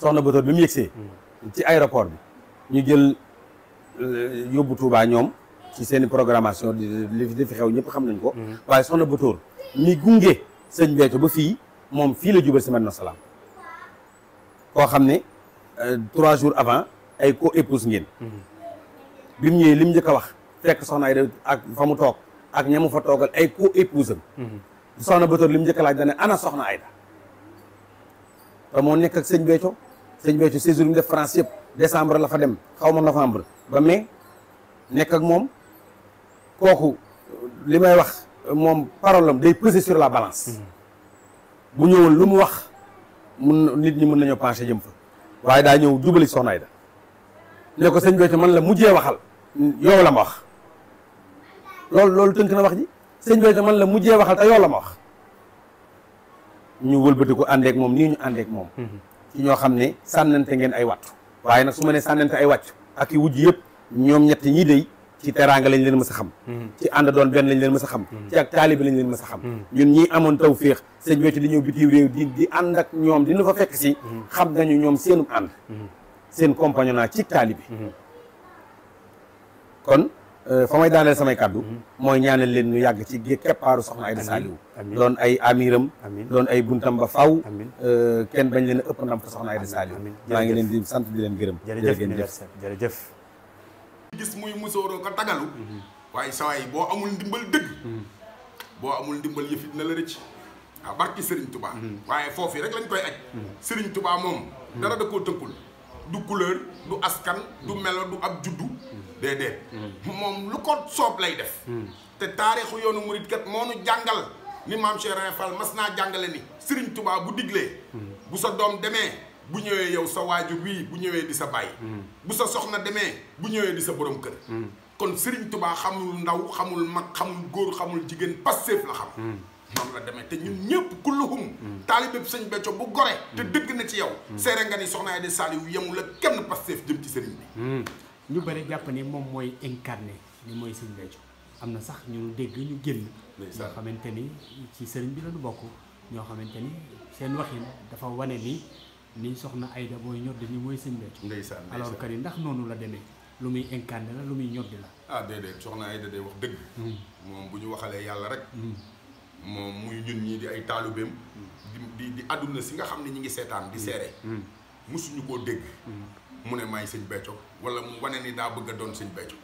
soxna Bator bi mu yegsee ci aéroport bi ñu jël euh, yóbbu tuubaa ñoom ci seen programmation li fi xew ñëpp xam nañ ko mm-hmm. waaye soxna Bator mi gunge sëñ Béthio ba fii moom fii la jubal si Madina Salaam koo xam ne euh, trois jours avant ay co-épouse ngeen mm-hmm. bi mu ñëwee li mu njëkk wax fekk soxna ay ak mu toog ak ñamu fa toogal ay co-épouse am mm-hmm. soxna Bator li mu njëkk a laaj dane ana soxna Ayda te moo nekk ak sëñ Béthio sëñ Béthio séjour def France yëpp décembre la fa dem xaw ma novembre ba mais nekk ak moom kooku li may wax moom parole am day peser sur la balance bu ñëwoon lu mu wax mun nit ñi mën nañoo penché jëm fa waaye daa ñëw jubali soxna Aida ne ko sëñ Béthio man la mujjee waxal yow la ma wax loolu loolu tënk na wax ji sëñ Béthio man la mujjee waxal te yow la ma wax ñu wëlbati ko àndeek moom nii ñu àndeek moom mm-hmm. ci ñoo xam ne sànnante ngeen ay wattu waaye nag su ma ne sànnante ay wàccu ak i wujj yëpp ñoom ñett ñii day ci teraanga lañ leen mës a xam hmm. ci ànd doon benn lañ leen mës a xam hmm. ci ak taalibi lañ leen mës a xam hmm. ñun ñii amoon taw féex sëñ Béthio di ñëw bitim réew di di ànd ak ñoom dina nu fa fekk si xam nañu ñoom seenu ànd seen compagnonnat ci taalibi kon Euh, fa may daaneel samay kàddu mooy ñaanal leen ñu yàgg ci keppaaru soxna Aïda Saliou doon ay amiram loon ay buntam ba faw euh, kenn bañ leen ëpp ndam fa soxna Aïda Saliou maa ngi leen di sant di leen gërëm jërëjëf jërëjëf gis muy musooroo ko tagalu waaye sawaay boo amul ndimbal dëgg boo amul ndimbal yëfi dina la rëcc waaw barki Serigne Touba mm-hmm. waaye foofu rek lañ koy aj mm-hmm. Serigne Touba moom mm-hmm. dara da koo tënkul du couleur du askan du melo du ak juddu déedéet moom lu ko soob lay def te taarixu yoonu murit kat moo nu jàngal ni maam Cheikh Ibra mas naa jàngale ni Serigne tubaa bu diglee bu sa doom demee bu ñëwee yow sa waajur wii bu ñëwee di sa bàyyi bu sa soxna demee bu ñëwee di sa borom kër kon Serigne Touba xamul ndaw xamul mag xamul góor xamul jigéen Pastef la xam noonu la demee te ñun ñëpp kulluhum taalibe sëñ Béthio bu gore dëgg na ci yow seere nga ni Soxna Aïda Saliou yemul ak kenn Pastef jëm ci sëriñ bi hmm. ñu bëri jàpp ni moom mooy incarné ni mooy sëñ Béthio am na sax ñu dégg ñu génn ñoo xamante ni ci sëriñ bi bokk ñoo xamante ni seen waxin dafa wane ni ni Soxna Aïda booy ñoddi ni mooy sëñ Béthio ndeysaan alors que ni ndax noonu la demee lu muy incarné la lu muy ñoddi la ah déedéet Soxna Aïda day wax dëgg hmm. moom bu ñu waxalee yàlla rek hmm. moom muy ñun ñii di ay taalubeem di di àdduna si nga xam ne ñu ngi seetaan di seere musuñu koo dégg mu ne maay sëñ becco wala mu wane ni daa bëgg a doon sëñ becco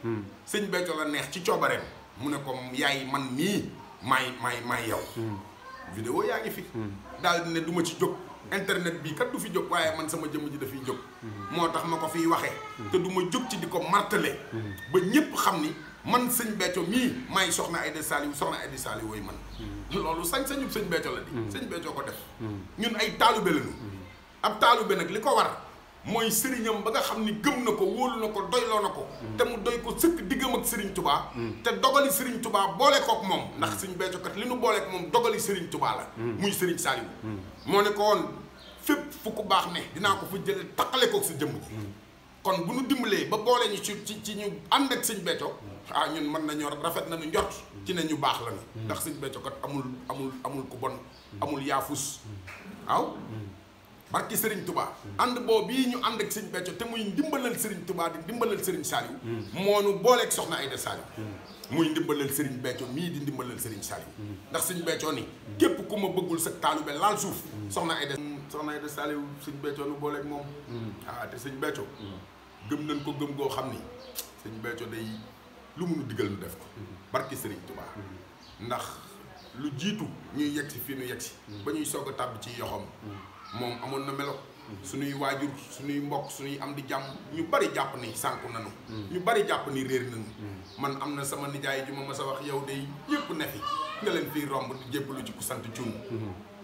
sëñ becco la neex ci coobareem mu ne ko yaay man mii maay maay may yow hmm. vidéo yaa ngi fi hmm. daal ne du ma ci jóg internet bi kat du fi jóg waaye man sama jëmm ji dafay jóg moo tax ma ko fiy waxee te du ma jóg ci di ko martelé ba ñépp xam ni man sëñ Béthio mii may soxna Aïda Saliou soxna Aïda Saliou wooyu man loolu sañ-sañub sëñ Béthio la di hmm. sëñ Béthio ko def hmm. ñun ay taalube lañu hmm. ab taalube nag li ko war mooy sëriñam ba nga xam ni gëm na ko wóolu na ko doyloo na ko te mu doy ko sëkk diggam ak sëriñ tubaa te dogali sëriñ tubaa boole kook moom ndax suñ beccokat li nu boole ak moom dogali sëriñ tubaa la muy sëriñ Saaliw moo ne ko woon fépp fu ku baax ne dinaa ko fa jële taqale kook si jëmm ji kon bu nu dimbalee ba boole ñu ci ci ci ñu ànd ak sëñ becco ah ñun mën nañoo rafet nañu njort ci ne ñu baax la ndax sëñ beccokat amul amul amul ku bon amul yaafus barki Serigne Touba. ànd boobu bii ñu ànd ak sëñ Béthio te muy ndimbalal Serigne Touba di ndimbalal Serigne Saliou. Hmm. moo nu booleeg soxna Aïda Saliou. Hmm. muy ndimbalal Serigne Béthio mii di ndimbalal Serigne Saliou. Hmm. ndax sëñ Béthio ni képp ku ma bëggul sa taalube laal suuf. soxna Aïda soxna Aïda Saliou sëñ Béthio nu booleeg moom. ah te sëñ Béthio. gëm nañ ko gëm goo xam ni sëñ Béthio day lu munu digal nu def ko. barki Serigne Touba. ndax lu jiitu ñuy yegsi fii nu yegsi. ba ñuy soog a tàbb ci yoxam moom amoon na melo suñuy waajur suñuy mbokk suñuy am di jàmm ñu bari jàpp ni sànku nanu ñu bari jàpp ni réer nanu man am na sama nijaay ju ma mas a wax yow de ñëpp ne fi nga leen fii romb di jébbalu ci ku sant cuun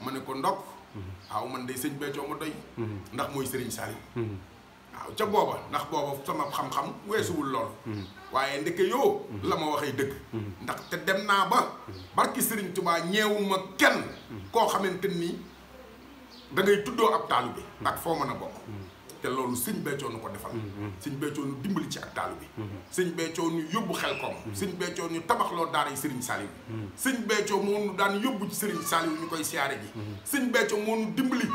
ma ne ko ndokk waaw man day sëñ Béthio ma doy ndax mooy sëriñ Saliou waaw ca booba ndax booba sama xam-xam weesuwul lool waaye ndeke yoo la ma waxee dëgg ndax te dem naa ba barki sëriñ Touba ñeewuma kenn koo xamante nii da ngay tuddoo ab taalu bi ak foo mën a bokk te loolu sëñ Béthio nu ko defal sëñ Béthio nu dimbali ci ak taalu bi sëñ Béthio nu yóbbu xel koom sëñ Béthio nu tabaxloo daara yi Serigne Saliou sëñ Béthio moo nu daan yóbbu ci Serigne Saliou ñu koy siyaare ji sëñ Béthio moo nu dimbali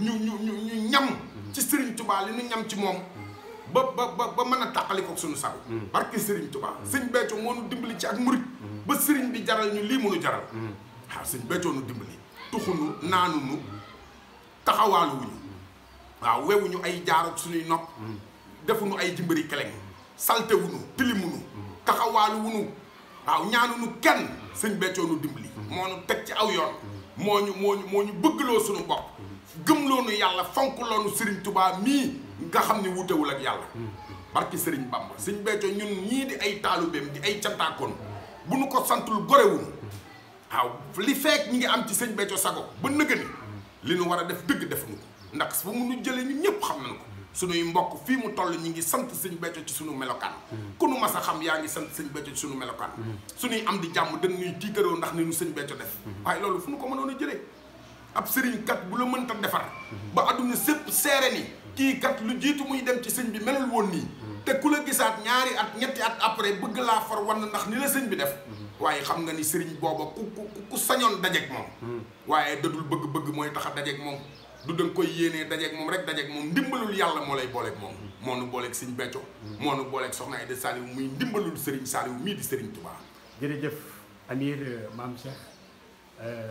ñu ñu ñu ñu ñam ci Serigne Touba li nu ñam ci moom ba ba ba ba mën a tàqali ko suñu sago barke Serigne Touba sëñ Béthio moo nu dimbali ci ak murit ba sëriñ bi jaral ñu lii mënu jaral mm. waaw sëñ Béthio taxawaalu waaw wewuñu ay jaaroog suñuy nopp defuñu ay jimbari keleng salte wuñu tilimuñu taxawaalu wuñu waaw ñaanuñu kenn sëñ beccoonu dimbali moo ñu teg ci aw yoon moo ñu moo ñu moo ñu bëggloo suñu bopp gëmloonu yàlla fonk fonkuloonu sëriñ tubaab mii nga xam ni wutewul ak yàlla barki sëriñ bamba sëñ beccoo ñun ñii di ay taalubeem di ay cantaakoon bu nu ko santul gorewuñu waaw li fekk ñu ngi am ci sëñ becco sago ba nëgëni li nu war a def dëgg defuñu ko ndax fa mu nu jëlee ñun ñëpp xam nañ ko sunuy mbokk fii mu toll ñu ngi sant sëñ Béthio ci sunu melokaan mm. ku nu mas a xam yaa ngi sant sëñ Béthio ci sunu melokaan mm. sunuy am di jàmm dañ nuy tiitaroo ndax ni nu sëñ Béthio def mm. waaye loolu fu nu ko mënoon a jëlee ab sëriñ kat bu la mënta defar ba adduna sépp seere ni kii kat lu jiitu muy dem ci sëñ bi melul woon nii te ku la gisaat ñaari at ñetti at après bëgg laa far wan ndax ni la sëñ bi def waaye xam nga ni sëriñ booba ku ku ku sañoon dajeeg moom hmm. waaye dadul bëgg-bëgg mooy tax a moom du da nga koy yéenee dajeeg moom rek dajeeg moom ndimbalul yàlla moo lay booleek moom hmm. moo nu booleeg sëñ Béthio hmm. moo nu booleeg soxna Aïda Saliou muy ndimbalul sëriñ Saliou mii di sëriñ Touba jërëjëf Amir euh, Mame Cheikh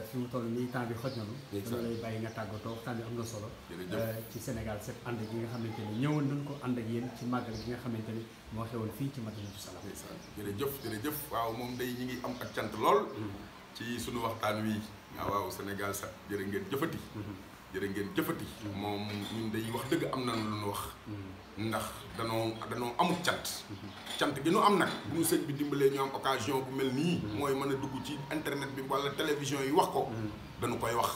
fi mu toll nii temps bi xoj na lu dama lay bàyyi nga tàggatoo waxtaan bi am na solo euh, ci Sénégal set ànd gi nga xamante ni ñëwoon nañ ko ànd ak yéen ci màggal gi nga xamante ni moo xewoon fii ci Madinatu Salaam jërëjëf jëf waaw moom day ñu ngi am ak cant lool mm-hmm. ci suñu waxtaan wi waaw Sénégal set jërë ngeen jëfati mm-hmm. jërë ngeen jëfati moom ñun day wax dëgg am na lu ñu wax ndax danoo danoo amul cant cant gi nu am na bu ñu sëñ bi dimbalee ñu am occasion bu mel nii mooy mën a dugg ci internet bi walla télévision yi wax ko mm. dañu koy wax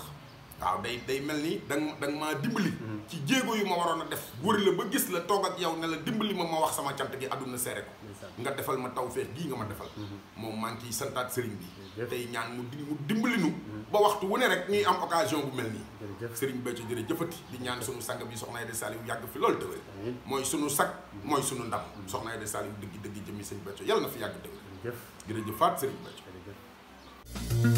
waaw day day mel ni da dang da nga maa dimbali. Mm-hmm. ci jéego yu ma waroon a def. wër la ba gis la toog ak yow ne la dimbali ma ma wax sama cant gi àdduna seere ko. nga defal ma taw tawfeex gii nga ma defal. Mm-hmm. moom maa ngi ciy santaat sëriñ bi. tey ñaan mu di mu dimbali nu. Mm-hmm. ba waxtu wu rek ñuy am occasion bu mel nii. jërëjëf sëriñ Béthio jërëjëfati di ñaan sunu sang bi soxna Aïda Saliou yàgg fi loolu tëwër. mooy sunu sag mooy sunu ndam. soxna Aïda Saliou dëgg dëgg jëmi sëriñ Béthio yàlla na fi yàgg tëwër. jërëjëf jërëjëfaat sëriñ Béthio